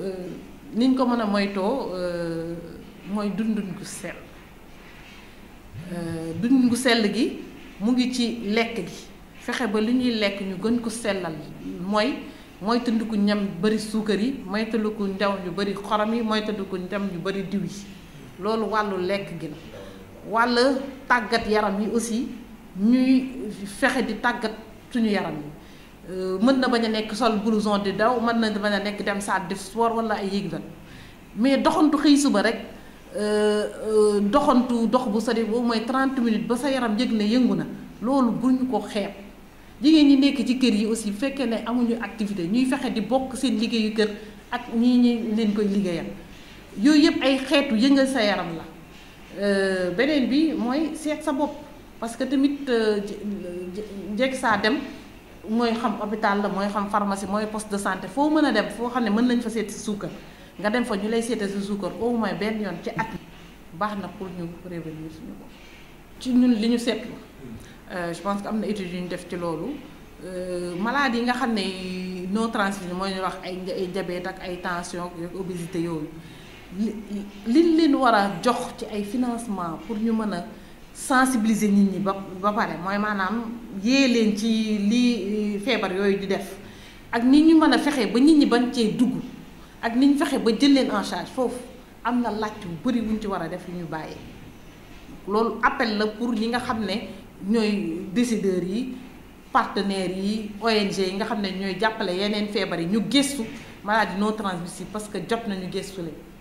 Euh, niñ ko mën a moytoo euh, mooy dundun gu sell euh, dundun gu sell gi mu ngi ci lekk gi fexe ba li ñuy lekk ñu gën ko sellal mooy moytandiku ñam bari suukar yi moytandiku ndaw ñu bari xorom yi moytandiku ndam ñu bari diw yi loolu wàllu lekk gi la wàll tàggat yaram yi aussi ñuy fexe di tàggat suñu yaram yi Euh, mën na bañ a nekk sol blouson di daw mën na bañ a nekk dem salle de sport wala ay yëg-yëg mais doxantu xëy suba rek euh, euh, doxantu dox bu sori boobu mooy trent minutes ba sa yaram yëg ne yëngu na loolu bu ñu ko xeeb jigéen ñi nekk ci kër yi aussi bu fekkee ne amuñu activité ñuy fexe di bokk seen liggéeyu kër ak ñii ñi leen koy liggéeyal yooyu yëpp ay xeetu yëngal sa yaram la beneen bi mooy seet sa bopp parce que tamit jekk saa dem. mooy xam hôpital la mooy xam pharmacie mooy poste de santé foo mën a dem foo xam ne mën nañ fa seet si suukar nga dem fa ñu lay seete si suukar au moins benn yoon ci at baax na pour ñu prévenir suñu bopp ci ñun li ñu seetlu euh, je pense que am na étude yu ñu def ci loolu euh, maladies yi nga xam ne non transmissibles mooy ñu wax ay ay diabète ak ay tension ak obésité yooyu li liñ leen war a jox ci ay financement pour ñu mën a sensibiliser nit ñi ba ba pare mooy maanaam yée leen ci lii eh, feebar yooyu di def ak ni ñu mën a fexe ba nit ñi bañ cee dugg ak nit ñu fexe ba jël leen en charge foofu am na laaj bu bëri ci war a def yu ñu bàyyee loolu appel la pour ñi nga xam ne ñooy décideurs yi partenaires yi ONG yi nga xam ne ñooy jàppale yeneen feebar yi ñu gëstu maladie non transmissible parce que jot na ñu gestu leen